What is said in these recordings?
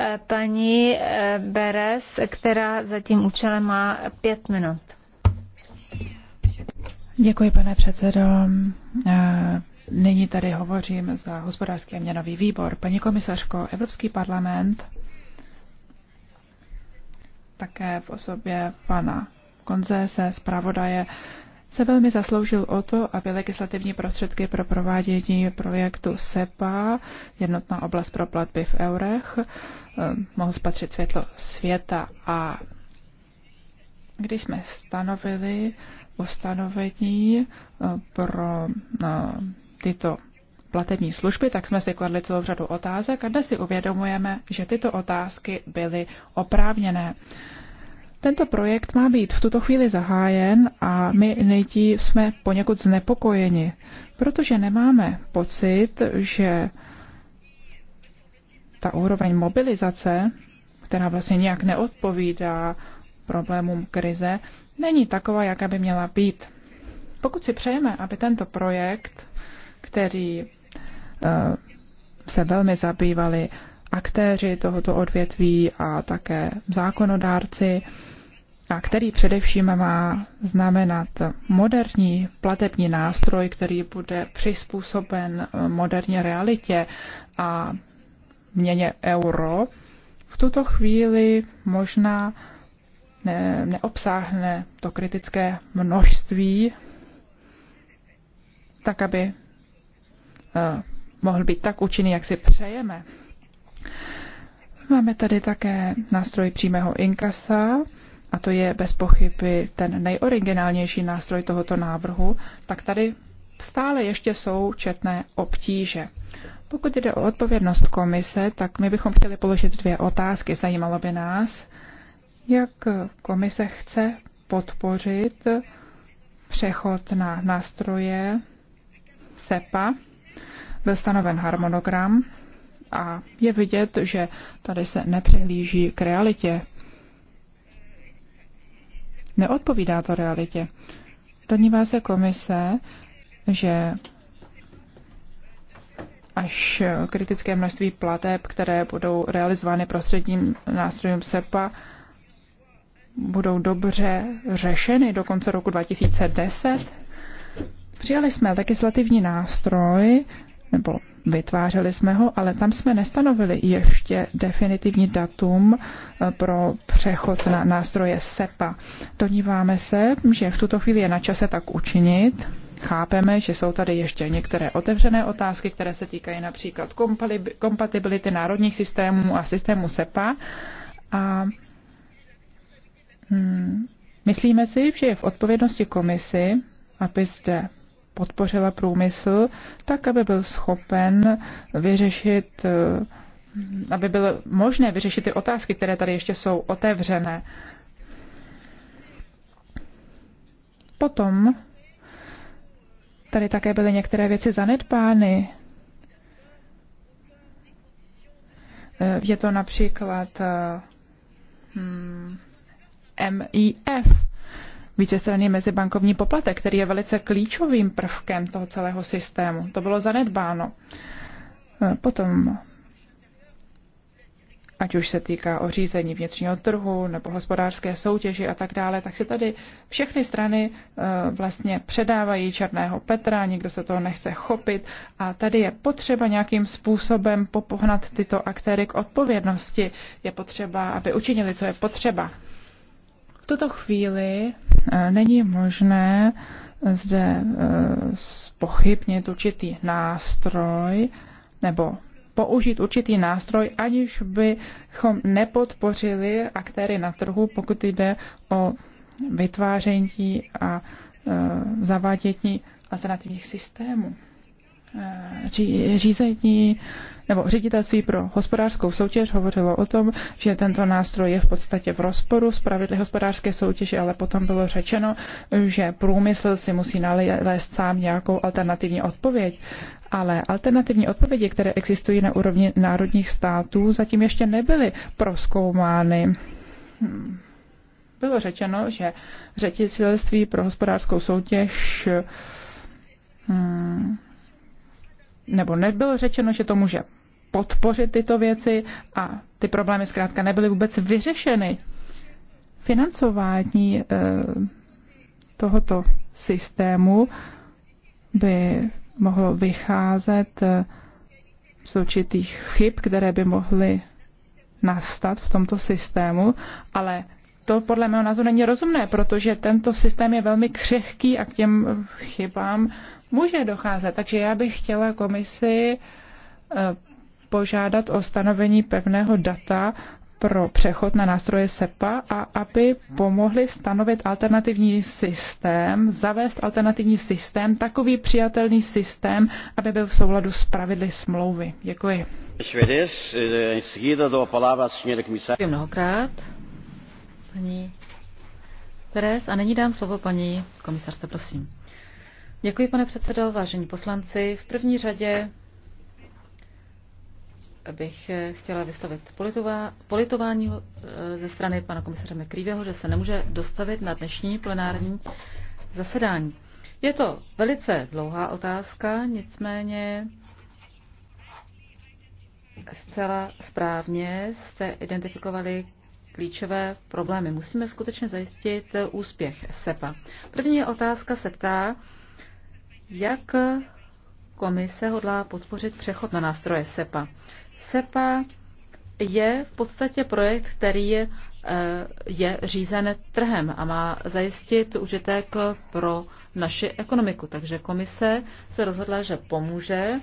E, paní e, Beres, která za tím účelem má pět minut. Děkuji, pane předsedo. E, nyní tady hovořím za hospodářský a měnový výbor. Paní komisařko, Evropský parlament také v osobě pana Konze se zpravodaje se velmi zasloužil o to, aby legislativní prostředky pro provádění projektu SEPA, jednotná oblast pro platby v eurech, eh, mohl spatřit světlo světa. A když jsme stanovili ustanovení eh, pro eh, tyto platební služby, tak jsme si kladli celou řadu otázek a dnes si uvědomujeme, že tyto otázky byly oprávněné. Tento projekt má být v tuto chvíli zahájen a my lidi jsme poněkud znepokojeni, protože nemáme pocit, že ta úroveň mobilizace, která vlastně nějak neodpovídá problémům krize, není taková, jaká by měla být. Pokud si přejeme, aby tento projekt, který eh, se velmi zabývali aktéři tohoto odvětví a také zákonodárci, a který především má znamenat moderní platební nástroj, který bude přizpůsoben moderní realitě a měně euro, v tuto chvíli možná ne, neobsáhne to kritické množství, tak aby eh, mohl být tak účinný, jak si přejeme. Máme tady také nástroj přímého inkasa, a to je bez pochyby ten nejoriginálnější nástroj tohoto návrhu, tak tady stále ještě jsou četné obtíže. Pokud jde o odpovědnost komise, tak my bychom chtěli položit dvě otázky. Zajímalo by nás, jak komise chce podpořit přechod na nástroje SEPA. Byl stanoven harmonogram a je vidět, že tady se nepřihlíží k realitě. Neodpovídá to realitě. Donívá se komise, že až kritické množství plateb, které budou realizovány prostředním nástrojem SEPA, budou dobře řešeny do konce roku 2010. Přijali jsme legislativní nástroj, nebo vytvářeli jsme ho, ale tam jsme nestanovili ještě definitivní datum eh, pro přechod na nástroje SEPA. Doníváme se, že v tuto chvíli je na čase tak učinit. Chápeme, že jsou tady ještě některé otevřené otázky, které se týkají například kompatibility národních systémů a systému SEPA. A hmm, myslíme si, že je v odpovědnosti komisy, aby zde podpořila průmysl tak, aby byl schopen vyřešit eh, aby bylo možné vyřešit ty otázky, které tady ještě jsou otevřené. Potom tady také byly některé věci zanedbány. Eh, je to například eh, hmm, MIF, vícestranný mezibankovní poplatek, který je velice klíčovým prvkem toho celého systému. To bylo zanedbáno. E, potom, ať už se týká o řízení vnitřního trhu nebo hospodářské soutěži a tak dále, tak si tady všechny strany e, vlastně předávají černého Petra, nikdo se toho nechce chopit a tady je potřeba nějakým způsobem popohnat tyto aktéry k odpovědnosti. Je potřeba, aby učinili, co je potřeba tuto chvíli eh, není možné eh, zde eh, pochybnit určitý nástroj nebo použít určitý nástroj, aniž bychom nepodpořili aktéry na trhu, pokud jde o vytváření a zavádění alternativních systémů. Eh, řízení nebo ředitelství pro hospodářskou soutěž hovořilo o tom, že tento nástroj je v podstatě v rozporu s pravidly hospodářské soutěže, ale potom bylo řečeno, že průmysl si musí nalézt sám nějakou alternativní odpověď. Ale alternativní odpovědi, které existují na úrovni národních států, zatím ještě nebyly proskoumány. Bylo řečeno, že ředitelství pro hospodářskou soutěž hmm, nebo nebylo řečeno, že to může podpořit tyto věci a ty problémy zkrátka nebyly vůbec vyřešeny. Financování eh, tohoto systému by mohlo vycházet eh, z určitých chyb, které by mohly nastat v tomto systému, ale to podle mého názoru není rozumné, protože tento systém je velmi křehký a k těm chybám může docházet. Takže já bych chtěla komisi eh, požádat o stanovení pevného data pro přechod na nástroje SEPA a aby pomohli stanovit alternativní systém, zavést alternativní systém, takový přijatelný systém, aby byl v souladu s pravidly smlouvy. Děkuji. Děkuji mnohokrát paní Pérez. A nyní dám slovo paní komisarce, prosím. Děkuji, pane předsedo, vážení poslanci. V první řadě bych chtěla vystavit politová, politování eh, ze strany pana komisaře McCreevyho, že se nemůže dostavit na dnešní plenární zasedání. Je to velice dlouhá otázka, nicméně zcela správně jste identifikovali klíčové problémy. Musíme skutečně zajistit úspěch SEPA. První otázka se ptá, jak komise hodlá podpořit přechod na nástroje SEPA. SEPA je v podstatě projekt, který je, eh, je řízen trhem a má zajistit užitek pro naši ekonomiku. Takže komise se rozhodla, že pomůže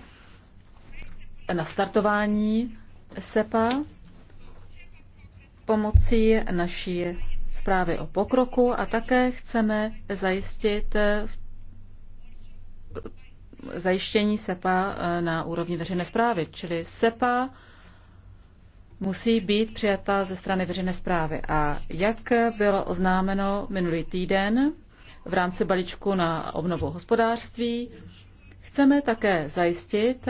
na startování SEPA pomocí naší zprávy o pokroku a také chceme zajistit zajištění SEPA na úrovni veřejné zprávy. Čili SEPA musí být přijata ze strany veřejné zprávy. A jak bylo oznámeno minulý týden v rámci balíčku na obnovu hospodářství, chceme také zajistit,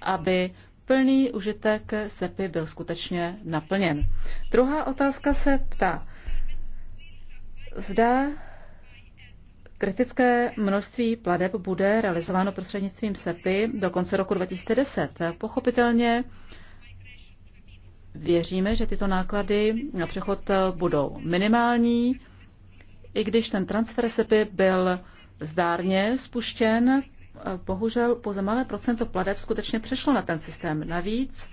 aby plný užitek SEPy byl skutečně naplněn. Druhá otázka se ptá, zda kritické množství pladeb bude realizováno prostřednictvím SEPy do konce roku 2010. Pochopitelně věříme, že tyto náklady na přechod budou minimální, i když ten transfer SEPy byl zdárně spuštěn bohužel pouze malé procento pladeb skutečně přešlo na ten systém. Navíc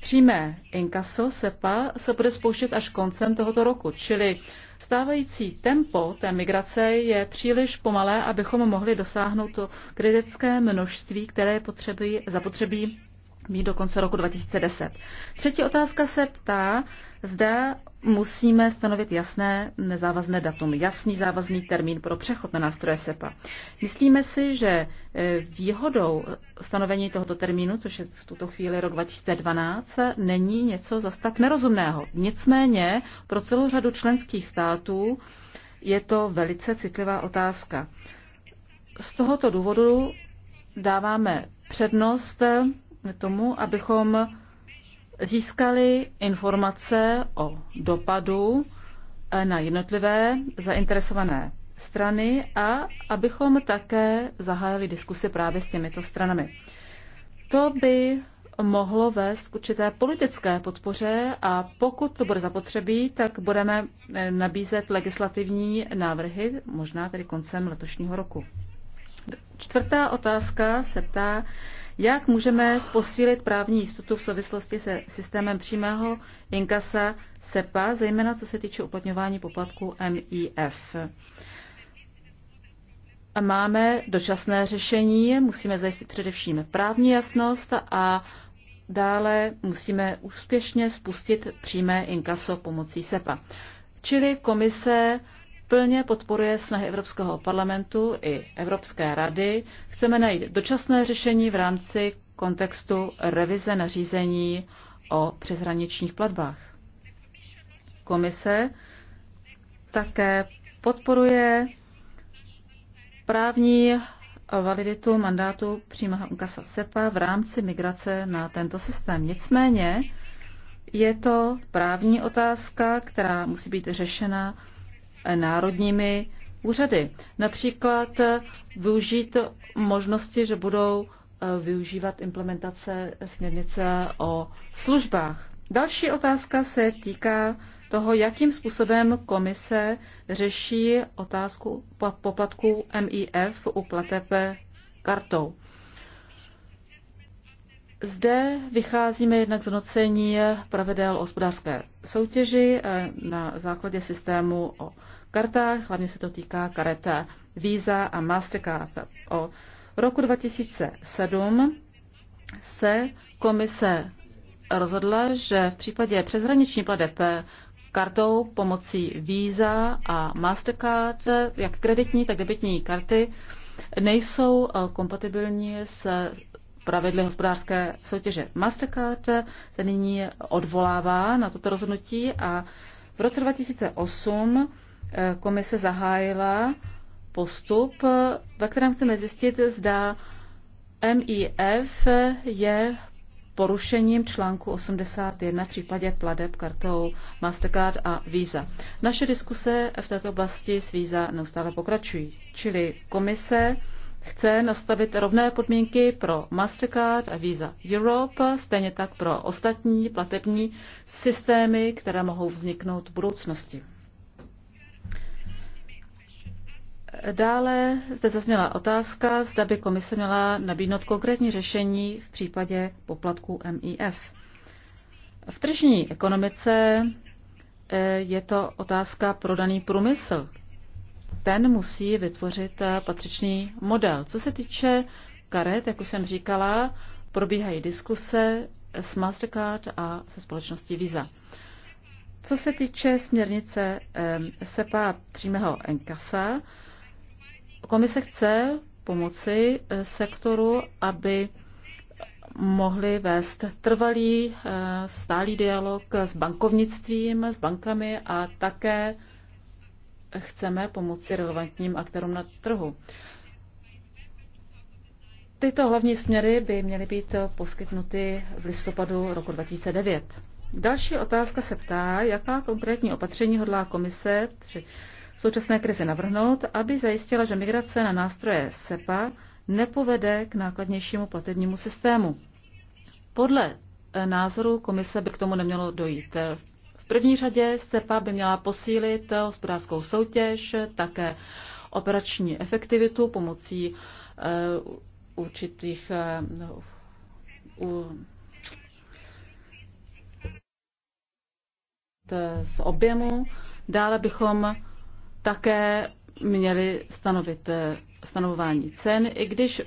přímé inkaso SEPA se bude spouštět až koncem tohoto roku, čili stávající tempo té migrace je příliš pomalé, abychom mohli dosáhnout to kritické množství, které potřebují, zapotřebí mít do konce roku 2010. Třetí otázka se ptá, zda musíme stanovit jasné nezávazné datum, jasný závazný termín pro přechod na nástroje SEPA. Myslíme si, že e, výhodou stanovení tohoto termínu, což je v tuto chvíli rok 2012, není něco zas tak nerozumného. Nicméně pro celou řadu členských států je to velice citlivá otázka. Z tohoto důvodu dáváme přednost tomu, abychom získali informace o dopadu eh, na jednotlivé zainteresované strany a abychom také zahájili diskusy právě s těmito stranami. To by mohlo vést k určité politické podpoře a pokud to bude zapotřebí, tak budeme eh, nabízet legislativní návrhy, možná tedy koncem letošního roku. Čtvrtá otázka se ptá, jak můžeme posílit právní jistotu v souvislosti se systémem přímého inkasa SEPA, zejména co se týče uplatňování poplatku MIF? Máme dočasné řešení, musíme zajistit především právní jasnost a dále musíme úspěšně spustit přímé inkaso pomocí SEPA. Čili komise plně podporuje snahy Evropského parlamentu i Evropské rady. Chceme najít dočasné řešení v rámci kontextu revize nařízení o přeshraničních platbách. Komise také podporuje právní validitu mandátu přímého kasa SEPA v rámci migrace na tento systém. Nicméně je to právní otázka, která musí být řešena národními úřady. Například využít možnosti, že budou eh, využívat implementace směrnice o službách. Další otázka se týká toho, jakým způsobem komise řeší otázku poplatků MIF u plateb kartou. Zde vycházíme jednak z nocení pravidel hospodářské soutěži eh, na základě systému o kartách, hlavně se to týká karet Visa a Mastercard. O roku 2007 se komise rozhodla, že v případě přeshraniční pladeb kartou pomocí Visa a Mastercard, jak kreditní, tak debitní karty, nejsou eh, kompatibilní s pravidly hospodářské soutěže. Mastercard se nyní odvolává na toto rozhodnutí a v roce 2008 Eh, komise zahájila postup, eh, ve kterém chceme zjistit, zda MIF je porušením článku 81 v případě pladeb kartou Mastercard a Visa. Naše diskuse v této oblasti s Visa neustále pokračují, čili komise chce nastavit rovné podmínky pro Mastercard a Visa Europe, stejně tak pro ostatní platební systémy, které mohou vzniknout v budoucnosti. Dále zde zazněla otázka, zda by komise měla nabídnout konkrétní řešení v případě poplatku MIF. V tržní ekonomice eh, je to otázka pro daný průmysl. Ten musí vytvořit eh, patřičný model. Co se týče karet, jak už jsem říkala, probíhají diskuse s Mastercard a se společností Visa. Co se týče směrnice eh, SEPA přímého enkasa, Komise chce pomoci eh, sektoru, aby mohli vést trvalý, eh, stálý dialog s bankovnictvím, s bankami a také chceme pomoci relevantním aktérům na trhu. Tyto hlavní směry by měly být poskytnuty v listopadu roku 2009. Další otázka se ptá, jaká konkrétní opatření hodlá komise při současné krizi navrhnout, aby zajistila, že migrace na nástroje SEPA nepovede k nákladnějšímu platebnímu systému. Podle eh, názoru komise by k tomu nemělo dojít. V první řadě SEPA by měla posílit hospodářskou soutěž, také operační efektivitu pomocí eh, určitých eh, z objemu. Dále bychom také měli stanovit eh, stanovování cen, i když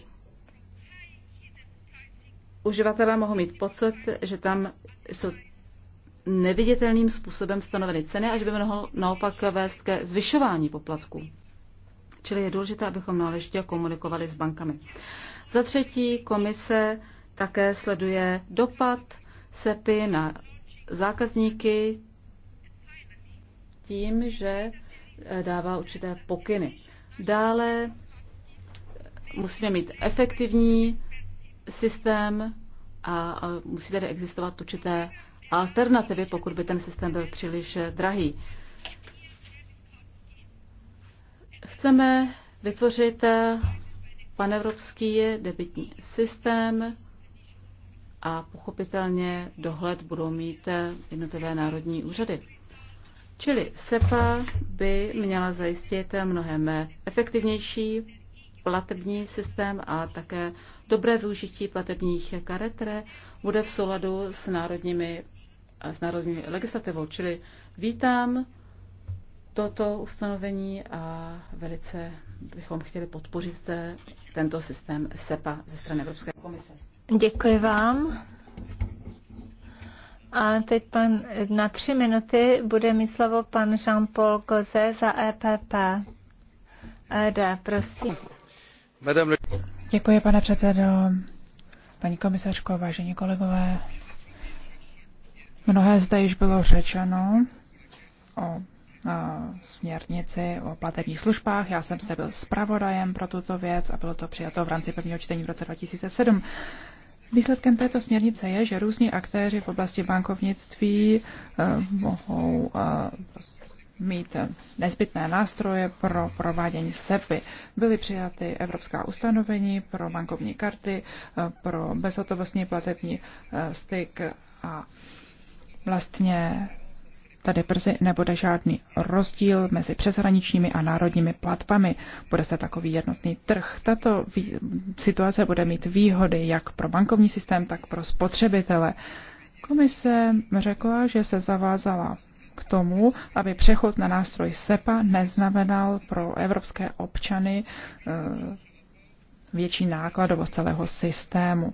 uživatelé mohou mít pocit, že tam jsou neviditelným způsobem stanoveny ceny, až by mohl naopak vést ke zvyšování poplatků. Čili je důležité, abychom náležitě komunikovali s bankami. Za třetí, komise také sleduje dopad SEPy na zákazníky tím, že dává určité pokyny. Dále musíme mít efektivní systém a musí tady existovat určité alternativy, pokud by ten systém byl příliš drahý. Chceme vytvořit panevropský debitní systém a pochopitelně dohled budou mít jednotlivé národní úřady. Čili SEPA by měla zajistit mnohem efektivnější platební systém a také dobré využití platebních karet, které bude v souladu s národními, s národní legislativou. Čili vítám toto ustanovení a velice bychom chtěli podpořit tento systém SEPA ze strany Evropské komise. Děkuji vám. A teď pan, na tři minuty bude mít slovo pan Jean-Paul Goze za EPP. ED, prosím. Děkuji, pane předsedo. Paní komisařko, vážení kolegové, mnohé zde již bylo řečeno o směrnici o platebních službách. Já jsem zde byl zpravodajem pro tuto věc a bylo to přijato v rámci prvního čtení v roce 2007. Výsledkem této směrnice je, že různí aktéři v oblasti bankovnictví eh, mohou eh, mít nezbytné nástroje pro provádění SEPy. Byly přijaty evropská ustanovení pro bankovní karty, eh, pro bezhotovostní platební styk a vlastně Tady brzy nebude žádný rozdíl mezi přeshraničními a národními platbami. Bude se takový jednotný trh. Tato situace bude mít výhody jak pro bankovní systém, tak pro spotřebitele. Komise řekla, že se zavázala k tomu, aby přechod na nástroj SEPA neznamenal pro evropské občany eh, větší nákladovost celého systému.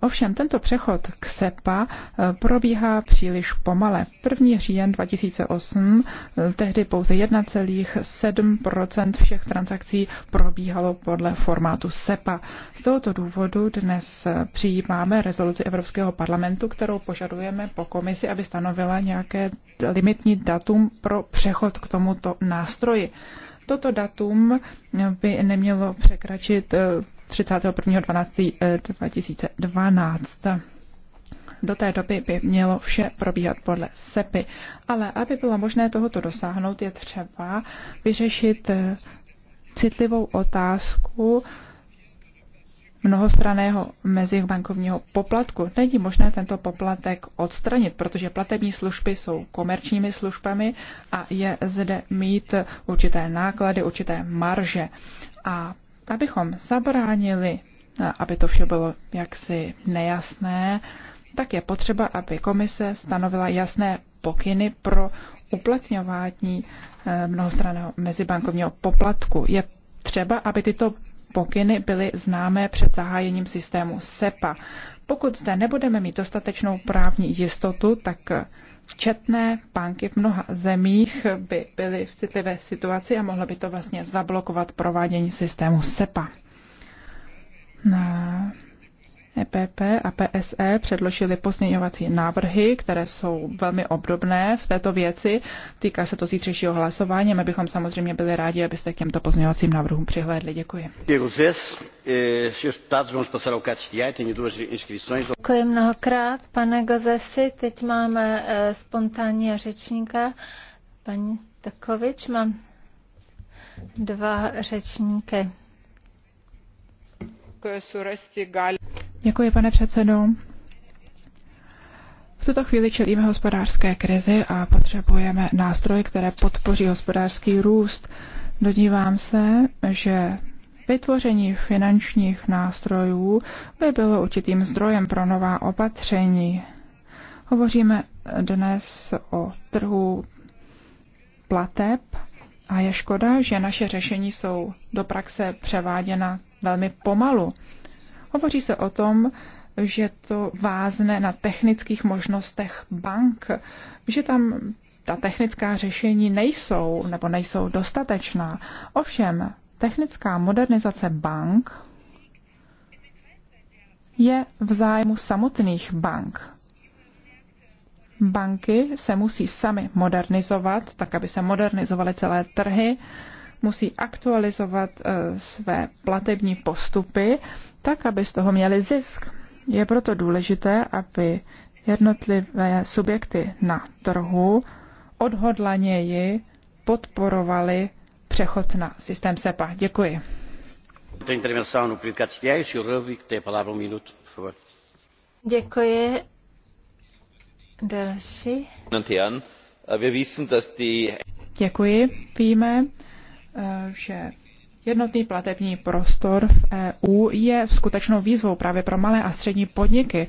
Ovšem tento přechod k SEPA eh, probíhá příliš pomale. 1. říjen 2008 eh, tehdy pouze 1,7 všech transakcí probíhalo podle formátu SEPA. Z tohoto důvodu dnes eh, přijímáme rezoluci Evropského parlamentu, kterou požadujeme po komisi, aby stanovila nějaké limitní datum pro přechod k tomuto nástroji. Toto datum by nemělo překračit 31.12.2012. Do té doby by mělo vše probíhat podle SEPy, ale aby bylo možné tohoto dosáhnout, je třeba vyřešit eh, citlivou otázku mnohostraného mezibankovního poplatku. Není možné tento poplatek odstranit, protože platební služby jsou komerčními službami a je zde mít určité náklady, určité marže. A Abychom zabránili, aby to vše bylo jaksi nejasné, tak je potřeba, aby komise stanovila jasné pokyny pro uplatňování eh, mnohostraného mezibankovního poplatku. Je třeba, aby tyto pokyny byly známé před zahájením systému SEPA. Pokud zde nebudeme mít dostatečnou právní jistotu, tak četné banky v mnoha zemích by byly v citlivé situaci a mohlo by to vlastně zablokovat provádění systému SEPA. EPP a PSE předložili pozměňovací návrhy, které jsou velmi obdobné v této věci. Týká se to zítřejšího hlasování. My bychom samozřejmě byli rádi, abyste k těmto pozměňovacím návrhům přihlédli. Děkuji. Děkuji mnohokrát, pane Gozesi. Teď máme eh, spontánní řečníka. Paní Takovič, mám dva řečníky. surasti Děkuji, pane předsedo. V tuto chvíli čelíme hospodářské krizi a potřebujeme nástroje, které podpoří hospodářský růst. Dodívám se, že vytvoření finančních nástrojů by bylo určitým zdrojem pro nová opatření. Hovoříme dnes o trhu plateb a je škoda, že naše řešení jsou do praxe převáděna velmi pomalu. Hovoří se o tom, že to vázne na technických možnostech bank, že tam ta technická řešení nejsou nebo nejsou dostatečná. Ovšem, technická modernizace bank je v zájmu samotných bank. Banky se musí sami modernizovat, tak aby se modernizovaly celé trhy, musí aktualizovat eh, své platební postupy tak, aby z toho měli zisk. Je proto důležité, aby jednotlivé subjekty na trhu odhodlaněji podporovali přechod na systém SEPA. Děkuji. Děkuji. Další. Děkuji. Víme, Eh, že Jednotný platební prostor v EU je skutečnou výzvou právě pro malé a střední podniky.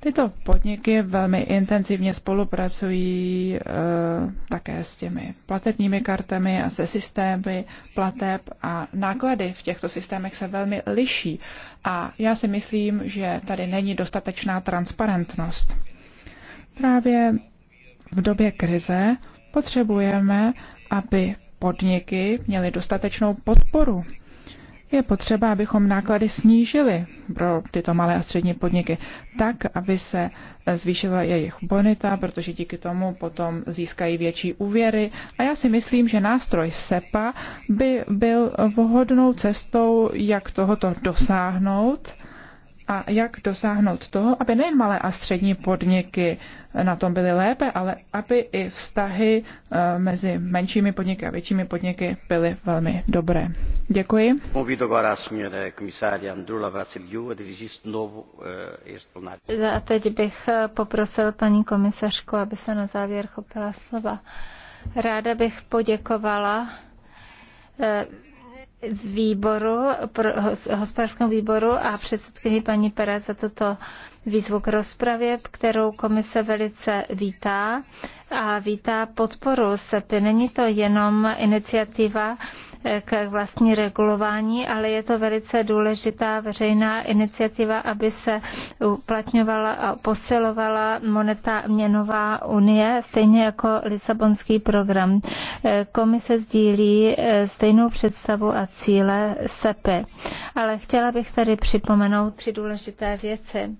Tyto podniky velmi intenzivně spolupracují e, také s těmi platebními kartami a se systémy plateb a náklady v těchto systémech se velmi liší. A já si myslím, že tady není dostatečná transparentnost. Právě v době krize potřebujeme, aby podniky měly dostatečnou podporu. Je potřeba, abychom náklady snížili pro tyto malé a střední podniky tak, aby se zvýšila jejich bonita, protože díky tomu potom získají větší úvěry. A já si myslím, že nástroj SEPA by byl vhodnou cestou, jak tohoto dosáhnout a jak dosáhnout toho, aby nejen malé a střední podniky na tom byly lépe, ale aby i vztahy eh, mezi menšími podniky a většími podniky byly velmi dobré. Děkuji. Eh, a teď bych eh, poprosil paní komisařku, aby se na závěr chopila slova. Ráda bych poděkovala výboru, pro, hospodářskému výboru a předsedkyni paní Pere za toto výzvu k rozpravě, kterou komise velice vítá a vítá podporu SEPy. Není to jenom iniciativa, k vlastní regulování, ale je to velice důležitá veřejná iniciativa, aby se uplatňovala a posilovala moneta měnová unie, stejně jako Lisabonský program. Komise sdílí eh, stejnou představu a cíle SEPy. Ale chtěla bych tady připomenout tři důležité věci.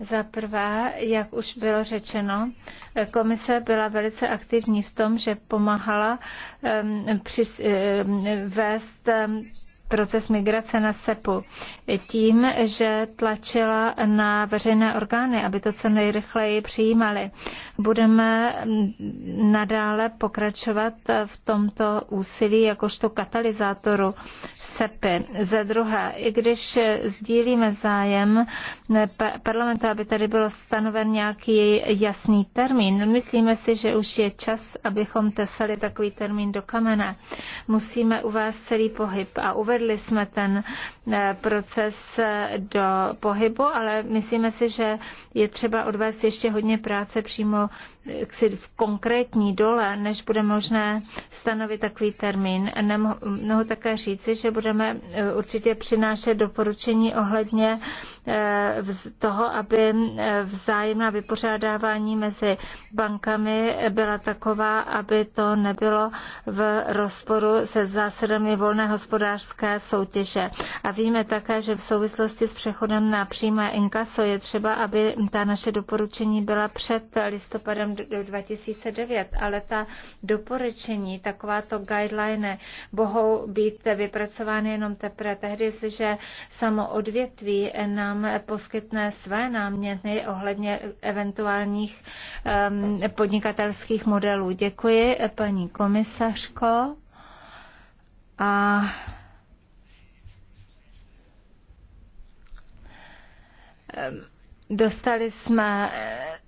Za prvé, jak už bylo řečeno, komise byla velice aktivní v tom, že pomáhala um, při, um, vést um, proces migrace na SEPu tím, že tlačila na veřejné orgány, aby to co nejrychleji přijímali. Budeme nadále pokračovat v tomto úsilí jakožto katalyzátoru SEPy. Za druhé, i když sdílíme zájem parlamentu, aby tady bylo stanoven nějaký jasný termín, myslíme si, že už je čas, abychom tesali takový termín do kamene. Musíme uvést celý pohyb a uvést uvedli jsme ten eh, proces eh, do pohybu, ale myslíme si, že je třeba odvést ještě hodně práce přímo eh, v konkrétní dole, než bude možné stanovit takový termín. Nemohu také říci, že budeme určitě přinášet doporučení ohledně toho, aby vzájemná vypořádávání mezi bankami byla taková, aby to nebylo v rozporu se zásadami volné hospodářské hospodářské soutěže. A víme také, že v souvislosti s přechodem na přímé inkaso je třeba, aby ta naše doporučení byla před listopadem 2009, ale ta doporučení, takováto guideline, mohou být vypracovány jenom teprve tehdy, jestliže samo odvětví nám poskytne své náměty ohledně eventuálních um, podnikatelských modelů. Děkuji, paní komisařko. A Ehm, dostali jsme eh,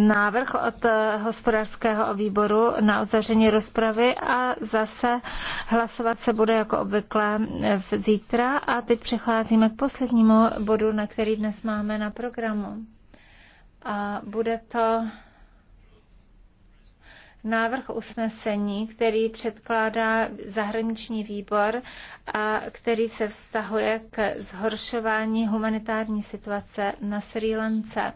návrh od eh, hospodářského výboru na uzavření rozpravy a zase hlasovat se bude jako obvykle eh, v zítra. A teď přecházíme k poslednímu bodu, na který dnes máme na programu. A bude to návrh usnesení, který předkládá zahraniční výbor a který se vztahuje k zhoršování humanitární situace na Sri Lance.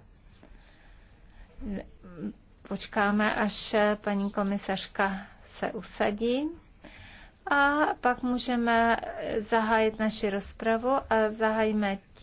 Počkáme, až paní komisařka se usadí. A pak můžeme zahájit naši rozpravu a zahájíme